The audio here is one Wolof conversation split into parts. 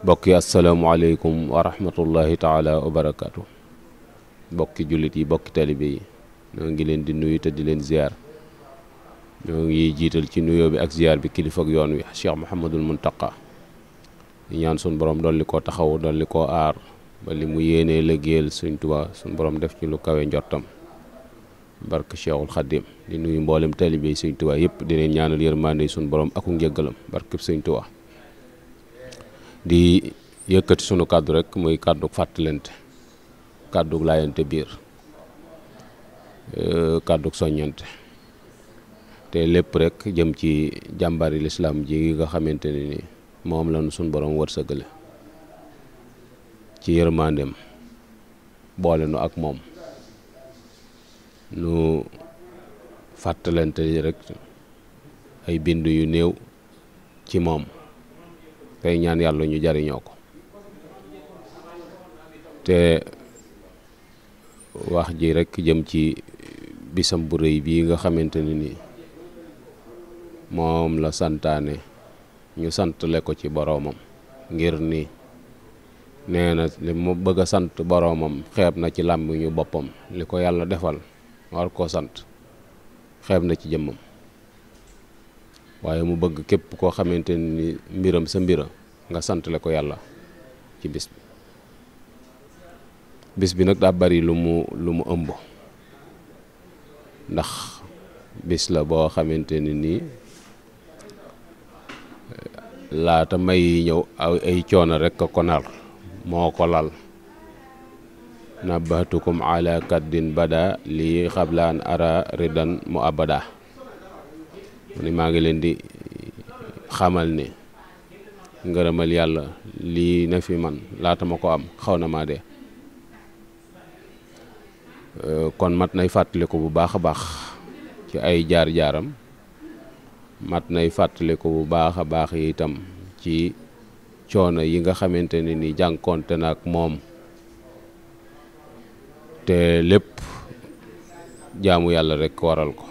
bokki asalaamualeykum wa rahmatullahi taala wa barakaatu bokki jullit yi bokki talibe yi ñoo ngi leen di nuyu te di leen ziar ñoo ngi jiital ci nuyoo bi ak ziar bi kilifa yoon wi Cheikh Mouhamadul Muntaqa di ñaan suñu borom dolli koo taxaw dolli ko aar ba li mu yéenee liggéeyal suñ Tuubaa suñ borom def ci lu kawe njortam barke Cheikhul Xadim di nuyu mboolem talibe yi suñ Tuubaa yëpp di leen ñaanal yërmande suñ borom ak njëggalam barke suñ Tuubaa di yëkkati sunu kàddu rek muy kàddu fàttalante kàddu laayante biir euh, kàddu soññante te lépp rek jëm ci jàmbari lislaam ji nga xamante ne ni moom la nu sunu borom wërsëgale ci yërmandeem boole nu ak moom nu fàttalante rek ay bind yu néew ci moom tey ñaan yàlla ñu jariñoo ko te wax ji rekk jëm ci bisam bu rëy bii nga xamante ne ni moom la santaane ñu santale ko ci boroomam ngir ni nee na li mu bëgg a sant boroomam xeeb na ci làmmiñu boppam li ko yàlla defal war koo sant xeeb na ci jëmmam waaye mu bëgg képp koo xamante ni mbiram sa mbira nga santale ko yàlla ci bis bi bis bi nag daa bari lu mu lu mu ëmb ndax bis la boo xamante ni eh, laata may ñëw ay coono rek a ko nar moo ko lal nabatukum ala kaddin bada lii xablaan ara ridan mu abada mu maa ngi leen di xamal ni ngërëmal yàlla lii na fi man laata ma ko am xaw na maa dee euh, kon mat nay fàttaliku bu baax a baax ci ay jaar-jaaram mat nay fàttaliku bu baax a baax itam ci coono yi nga xamante ne ni jànkoonte na ak moom te lépp jaamu yàlla rekk waral ko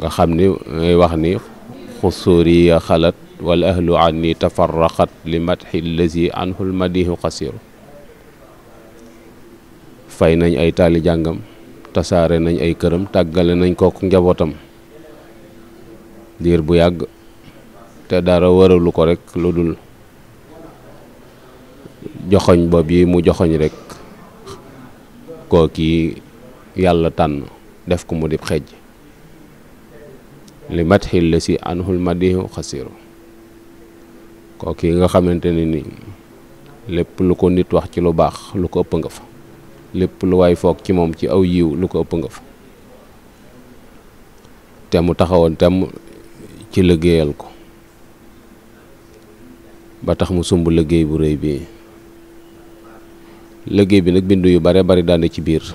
nga xam ni ngay wax ni xusuuriya xalat wal ahlu anni tafarraqat li madxi lazi anhu l madihu xasiru fay nañ ay taali jàngam tasaare nañ ay këram tàggale nañ kook njabootam diir bu yàgg te dara waralu ko rek lu dul joxoñ bob yi mu joxoñ rek kookii yàlla tànn def ko mu di xejj li matxil la si anhul madihu xasiru kooku yi nga xamante ne ni lépp lu ko nit wax ci lu baax lu ko ëpp nga fa lépp lu waay foog ci moom ci aw yiw lu ko ëpp nga fa te mu taxawoon tem ci liggéeyal ko ba tax mu sumb liggéey bu rëy bi liggéey bi nag bindu yu bare bari daane ci biir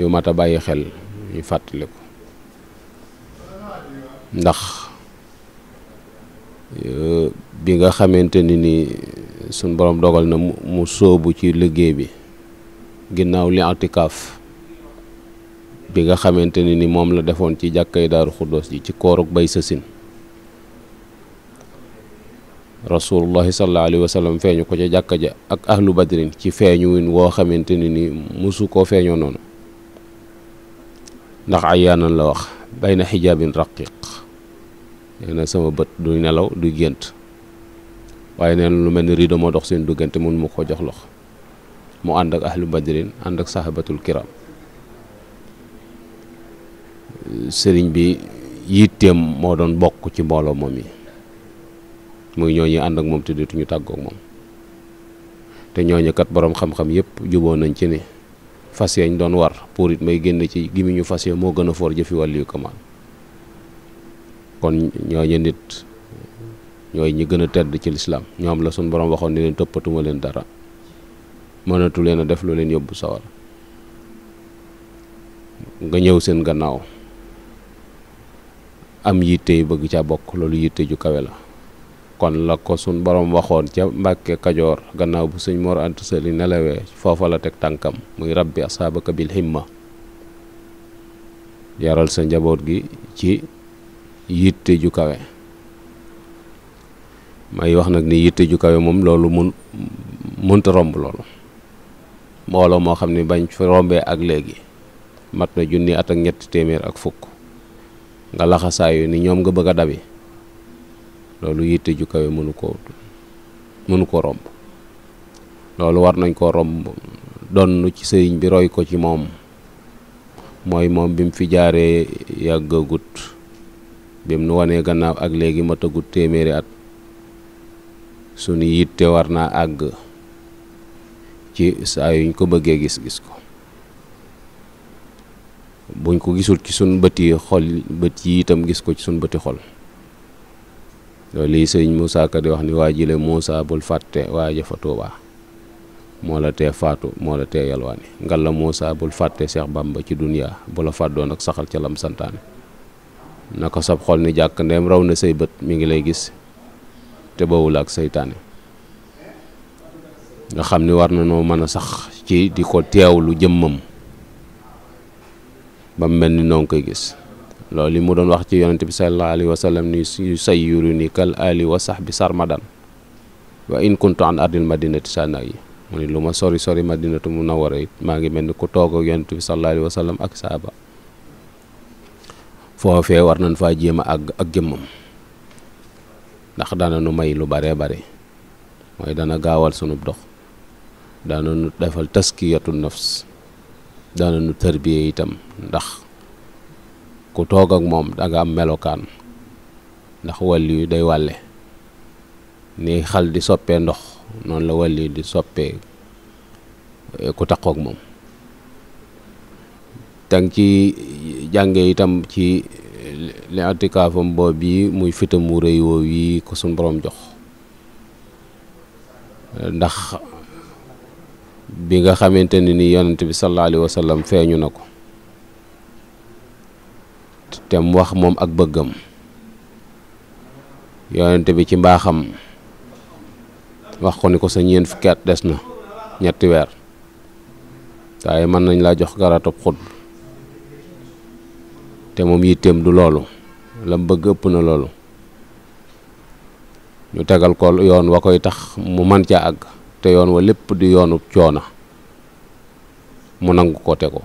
yu mat a bàyyi xel ñu fàttali ndax euh, bi nga xamante ni ni suñ borom dogal na mu sóobu ci liggéey bi ginnaaw li atikaaf bi nga xamante ni ni moom la defoon ci jàkkay daaru xuddoos ji ci kooruk bay sësin rasulullahi sallallahu alayhi feeñu ko ca jàkka ja ak ahlu badrin ci feeñu win woo xamante ni ni musu koo feeñoo noonu ndax ayaanan la wax bayna xijaabin raqiq nee na sama bët du nelaw du gént waaye nee lu mel ni rido moo dox seen duggante mun mu ko jox lox mu ànd ak ahlu badrin ànd ak sahabatul kiram sëriñ bi yitteem moo doon bokk ci mbooloo moom yi muy ñooñu ànd ak moom te dootuñu tàggook moom te ñooñu boroom xam-xam yépp juboo nañ ci ni fas yañ doon war pour it may génn ci gimiñu fas ya moo gën a foor jëfi wàllu yu kamaal kon ñooñu nit ñooy ñi gën a tedd ci lislaam ñoom la suñ borom waxoon ni leen toppatuma leen dara mënatu leen a def lu leen yóbbu sawar nga ñëw seen gannaaw am yitte yu bëgg ca bokk loolu yitte ju kawe la kon la ko suñ borom waxoon ca mbakke Kajoor gannaaw bu suñ Mor Anta Sali nelawee foofa la teg tànkam muy rabbi asaabaka bil himma yaral sa njaboot gi ci yitte ju kawe may wax nag ni yitte ju kawe moom loolu mun munta romb loolu mbooloo moo xam ne bañ fa rombee ak léegi mat na junni at ak ñetti téeméer ak fukk nga laxasaayu ni ñoom nga bëgg a dabi loolu yitte ju kawe mënu koo mënu ko romb loolu war nañ koo romb donn ci sëriñ bi roy ko ci moom mooy moom bi mu fi jaaree yàggagut bi mu wanee gannaaw ak léegi ma tëggut téeméeri at sunu yitte war naa àgg ci saa yuñ ko bëggee gis gis ko buñ ko gisul ci sunu bëti xol yi itam gis ko ci sunu bëti xol loolu lii sëñ Moussa Ka di wax ni waa jile Moussa bul fàtte waa jafa Tuubaa moo la te faatu moo la tee yalwaani ngal la Moussa bul fàtte Seex Bàmba ci duniyaa bu la fàddoon ak saxal ca lam santaane naka sab xol ni jàkk ndeem raw na say bët mi ngi lay gis te bawul ak seytaane nga xam ni war na noo mën a sax ci di ko teewlu jëmmam ba mu mel ni noo ngi koy gis loolu li mu doon wax ci yonente bi sallallahu alayhi wa sallam sax bi sarmadan wa in kuntu an ardil madinati sana yi mu ni lu ma sori sori madinatu munawwara it maa ngi mel ni ku toog ak yonente bi sallallahu alayhi wa sallam ak saaba foofee war nañ faa jéem àgg ak jëmmam ndax dana nu may lu baree bare mooy dana gaawal sunub dox dana nu defal taskiyatu nafs dana nu tërbiye itam ndax ku toog ak moom danga am melokaan ndax wàll yu day wàlle ni xal di soppee ndox noonu la wàll di soppee eh, ku taqook moom tang ci jànge itam ci li atikaafam boob yi muy fitam wu rëy yi ko suñ borom jox ndax bi nga xamante ne ni yonent bi sallallahu alayhi wa feeñu na ko te mu wax moom ak bëggam yonent bi ci mbaaxam wax ko ni ko sa ñeent fukki at des na ñetti weer waaye mën nañ laa jox garatub xut te moom yitteem du loolu la mu bëgg ëpp na loolu ñu tegal ko yoon wa koy tax mu man ca àgg te yoon wa lépp di yoonu coona mu nangu ko te ko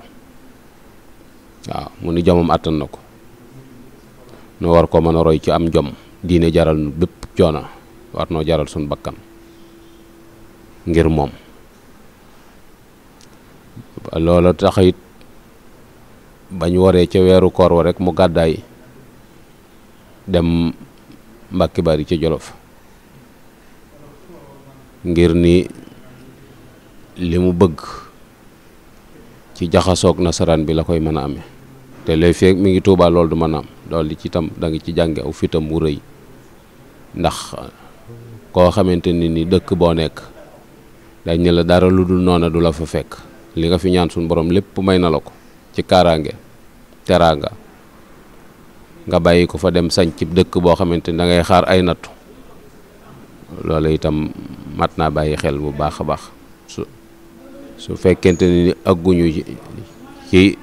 waaw mu ni jomam àttan na ko nu war koo mën a roy ci am jom diine jaral nu bépp coona war noo jaral suñ bakkan ngir moom loola tax it bañ waree ca weeru koor wa rek mu gàddaay dem Mbàkke Bari ca Jolof ngir ni li mu bëgg ci jaxasoog nasaraan bi la koy mën a amee te léeg feeg mi ngi tuubaa lool du mën a am loolu li ci tam da ci jànge aw fitam wu rëy ndax koo xamante ni ni dëkk boo nekk dañ ne la dara lu dul noona du la fa fekk li nga fi ñaan suñu borom lépp may na la ko ci kaaraange teraanga nga bàyyi ko fa dem sañ cib dëkk boo xamante ni da ngay xaar ay nattu loolu itam mat naa bàyyi xel bu baax a baax su su fekkente ni agguñu ci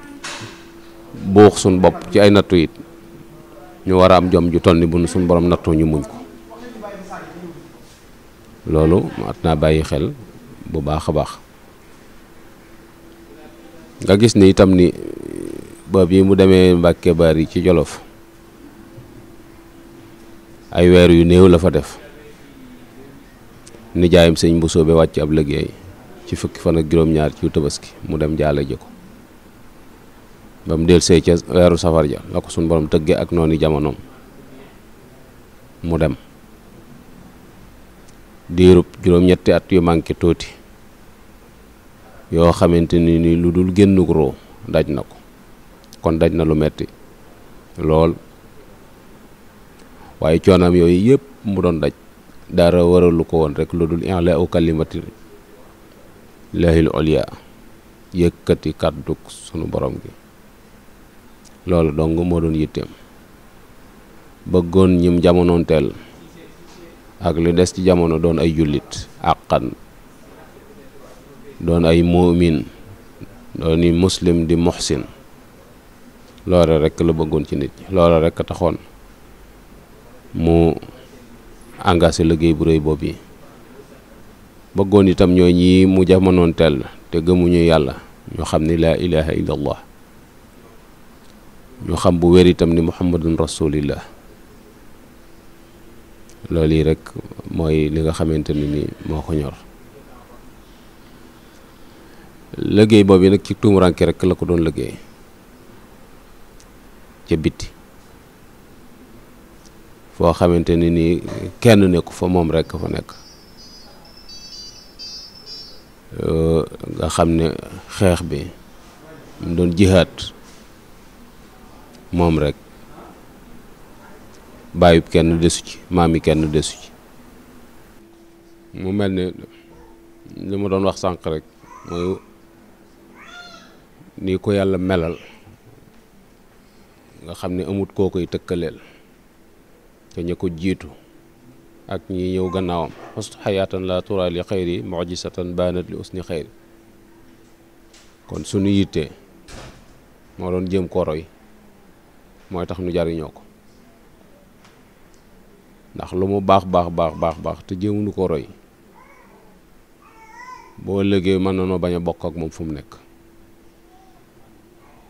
buux suñ bopp ci ay nattu it ñu war a am jom ju toll ni bu suñ boroom nattu ñu muñ ko loolu mat naa bàyyi xel bu baax a baax nga gis ni itam ni ba yi mu demee baar yi ci Jolof ay weer yu néew la fa def nijaayam sëñ bu soobee wàcc ab liggéey ci fukki fan ak juróom-ñaar ci tabaski mu dem jaale ji ko ba mu dellusee weeru safar ja la ko suñ borom tëggee ak noonu jamonoom mu dem diirub juróom-ñetti at yu manqué tuuti yoo xamante ni ni lu dul génn roo daj na ko kon daj na lu metti lool waaye coonam yooyu yëpp mu doon daj dara waralu ko woon rek lu dul i'laa aw kalimati lahil ulya yëkkati kàddug sunu borom gi loolu dong moo doon yitteem bëggoon ñim jamonoonteel ak lu des ci jamono doon ay jullit àqan doon ay muumin doon i muslim di muhsin loola rekk la bëggoon ci nit ñi loola rekk taxoon mu engagé liggéey bu rëy boobu yi bëggoon itam ñoo ñii mu jamonoon teel te gëmuñu yàlla ñu xam ni laa ilaha illa allah ñu xam bu wér itam ni muhammadun rasulillah lool yi rekk mooy li nga xamante ni ni moo ko ñor liggéey boobu nag ci tuumuranke rek la ko doon liggéey ca bitti foo xamante ni nii kenn nekku fa moom rek fa nekk nga xam ne xeex bi mu doon jihaat moom rek bàyyub kenn desu ci maam yi kenn desu ci mu mel ni li ma doon wax sànq rek mooy ni ko yàlla melal nga xam ne amut koo koy tëkkaleel te ña ko jiitu ak ñi ñëw gannaawam xust xayaatan la turaa li xayri mujisatan baanat li usni xayri kon sunu yittee moo doon jëm ko roy mooy tax nu jariñoo ko ndax lu mu baax baax baax baax baax te jéemuñu ko roy boo ëllëgee mën na noo bañ a bokk ak moom fu mu nekk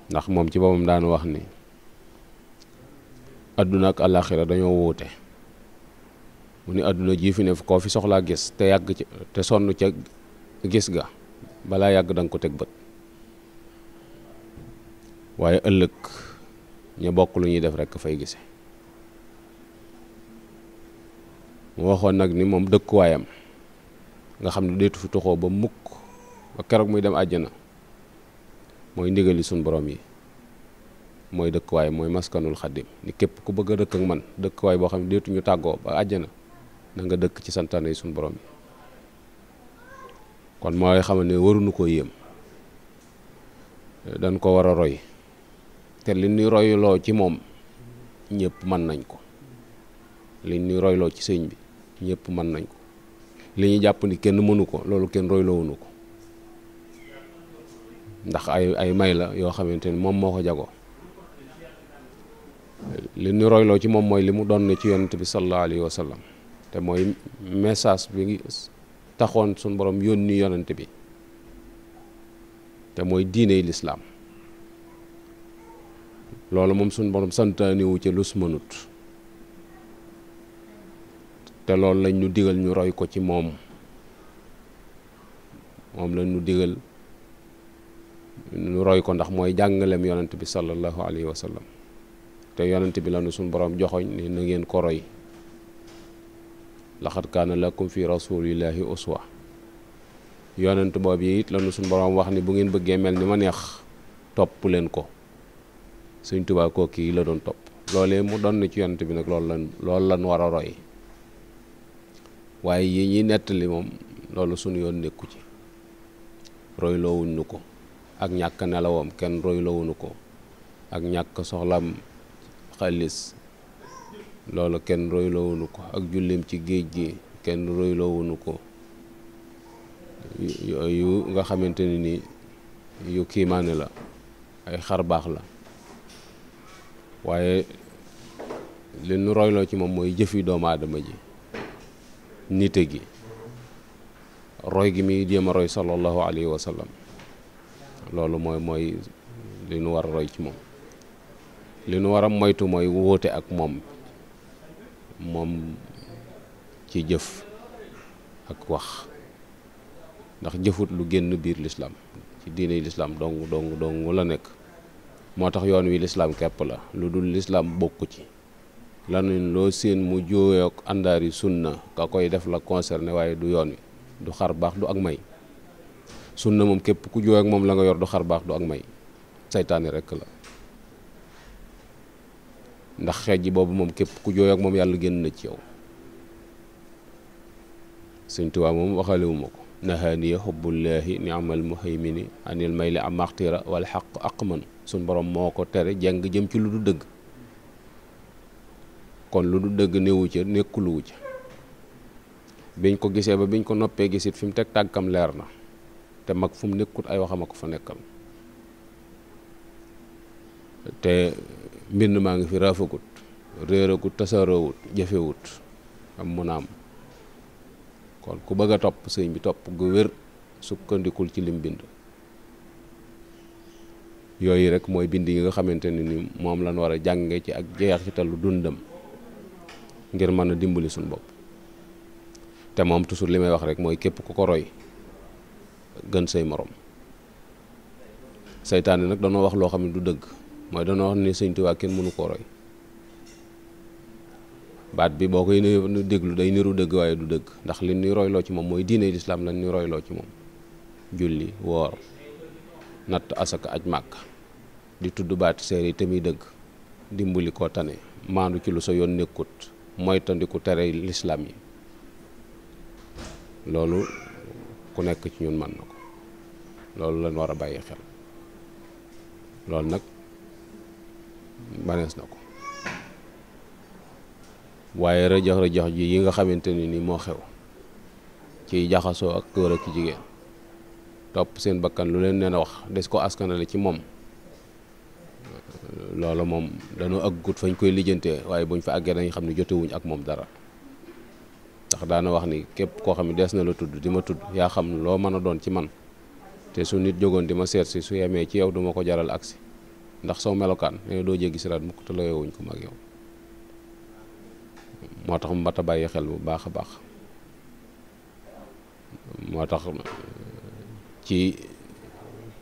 ndax moom ci boppam daanu wax ni àdduna ak àllaaxira dañoo wuute mu ni àdduna jii fi ne koo fi soxlaa gis te yàgg ci te sonn ca gis ga balaa yàgg danga ko teg bët waaye ëllëg ñu bokk lu ñuy def rekk fay gise mu waxoon nag ni moom dëkkuwaayam nga xam ne deetu fi toxoo ba mukk ba keroog muy dem na mooy ndigali suñ borom yi mooy dëkkuwaay mooy maskanul xaddim ni képp ku bëgg a dëkk ak man dëkkuwaay boo xam ne deetuñu tàggoo ba àjjana na nga dëkk ci santaane yi suñ borom yi kon mooy xam ne waruñu koo yéem dañ ko war a roy te li ñuy royloo ci moom ñëpp mën nañ ko li ñuy royloo ci sëñ bi ñëpp mën nañ ko li ñu jàpp ni kenn mënu ko loolu kenn royloowunu ko ndax ay ay may la yoo xamante ni moom moo ko jago li ñu royloo ci moom mooy li mu doon ne ci yonent bi sallallahu alayhi wa sallam te mooy message bi ngi taxoon suñ borom yónni yonent bi te mooy diiney lislaam loolu moom suñ boroom santaaniwu ci lus mënut te loolu lañ ñu digal ñu roy ko ci moom moom lañ ñu digal nu roy ko ndax mooy jàngaleem yonent bi sallallahu alayhi wa sallam te yonent bi la nu suñ boroom joxoñ ni na ngeen ko roy laxat kaana lakum fi rasulillahi uswa yonent boobu yi it la nu suñ boroom wax ni bu ngeen bëggee mel ni ma neex topp leen ko Sëñ Tuubaa kooku yi la doon topp loolee mu doon na ci yonent bi nag loolu lan loolu lan war a roy waaye yi ñuy nettali moom loolu suñu yoon nekku ci roy loowuñ nu ko ak ñàkk nelawam kenn wunu ko ak ñàkk soxlam xaalis loolu kenn roylawunu ko ak jullim ci géej gi kenn roylawunu ko yu nga xamante ne ni yu kiimaane la ay xar baax la waaye li nu royloo ci moom mooy jëfi doomu aadama ji nite gi roy gi muy jéem a roy sallallahu alayhi wa loolu mooy mooy li nu war roy ci moom li nu war a moytu mooy wóote ak moom moom ci jëf ak wax ndax jëfut lu génn biir lislaam ci diine yi lislaam dong dong dong la nekk moo tax yoon wi lislaam kepp la lu dul lislaam bokk ci lanuñ loo seen mu jóoyook àndaari sunna ka koy def la concerné waaye du yoon wi du xar baax du ak may sunna moom képp ku jooy ak moom la nga yor du xar baax du ak may seytaane rekk la ndax xeej ji boobu moom képp ku jooy ak moom yàlla génn na ci yow sëñ Tuubaa moom waxalewuma ko nahaaniya ni amal muhaymini anil mayli am maxtira wala xaq aqman suñ borom moo ko tere jàng jëm ci lu du dëgg kon lu du dëgg newu ca nekkuluwu ca biñ ko gisee ba biñ ko noppee gisit fi mu teg tàggam leer na te mag fu mu nekkut ay waxama ko fa nekkal te mbind maa ngi fi raafagut réeragut tasaaroowut jafewut am mun am kon ku bëgg a topp sëñ bi topp gu wér sukkandikul ci lim bind yooyu rek mooy bind yi nga xamante ne ni moom lañ war a jànge ci ak jeex ci talu dundam ngir mën a dimbali suñu bopp te moom toujours li may wax rek mooy képp ku ko roy gën say morom seytaane nag danoo wax loo xam ne du dëgg mooy danoo wax ne Sëñ Tuubaa kenn mënu koo roy baat bi boo koy nuyu déglu day niru dëgg waaye du dëgg ndax li ñuy royloo ci moom mooy diine lislaam lañ ñuy royloo ci moom julli woor natt asaka aj màkk di tudd baati seer yi te muy dëgg dimbali koo tane maandu ci lu sa yoon nekkut moytandiku tere lislaam yi loolu ku nekk ci ñun man na ko loolu lañ war a bàyyi xel loolu nag banees na ko waaye rëjax rëjax ji yi nga xamante ni ni moo xew ci jaxasoo ak góor ak jigéen topp seen bakkan lu leen neena wax des ko askanale ci moom loolu moom dañoo àggut fañ koy lijjantee waaye buñ fa àggee dañ xam ne jotewuñ ak moom dara ndax daana wax ni képp koo xam ne des na la tudd di ma tudd yaa xam loo mën a doon ci man te su nit jógoon di ma seet si su yemee ci yow duma ko jaral aksi ndax soo melokaan ne doo jéggi siraat mukk te layowuñ ko mag moo tax mu mat a bàyyi xel bu baax a baax moo tax ci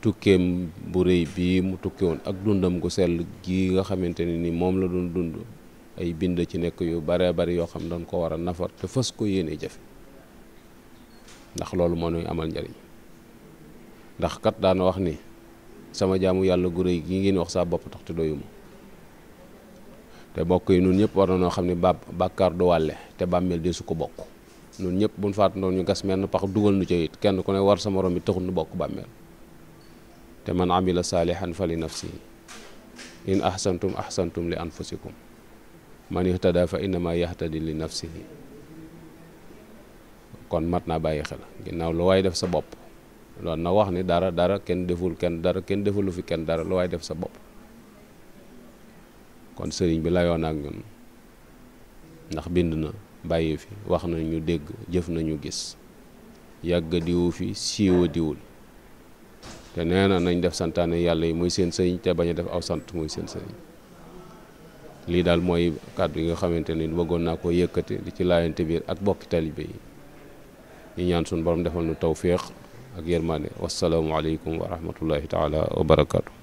tukkeem bu rëy bii mu tukki woon ak dundam gu sell gii nga xamante ne ni moom la doon dund ay bind ci nekk yu bare bari yoo xam dañ ko war a nafar te fas ko yéene jafe ndax loolu moo nuy amal njariñ ndax kat daana wax ni sama jaamu yàlla gu rëy gi ngeen wax saa bopp tax te doyuma te bokk yi noonu ñëpp war na noo xam ne ba bàkkaar du wàlle te bàmmeel de su ko bokk nun ñëpp buñ faatandoo ñu gas menn pax dugal nu ca it kenn ku ne war sa morom bi taxul bokk bàmmeel te man amila saalihan fali nafsihi in ahsantum ahsantum li anfusikum man ihtada fa innama di li nafsihi kon mat naa bàyyi xel ginnaaw lu waaye def sa bopp lool na wax ni dara dara kenn deful kenn dara kenn defalu fi kenn dara lu waay def sa bopp kon sëriñ bi layoon ak ñun ndax bind na bàyyi fi wax na ñu dégg jëf nañu gis yàgg diwu fi siiwa diwul te nee na nañ def santaane yàlla yi muy seen sëriñ te bañ a def aw sant muy seen sëriñ lii daal mooy kàddu yi nga xamante ni bëggoon naa ko yëkkate di ci laayante biir ak bokki talibe yi ñu ñaan suñu borom defal nu tawféex ak yërmande wasalaamualeykum wa rahmatullahi taala wa barakaatu.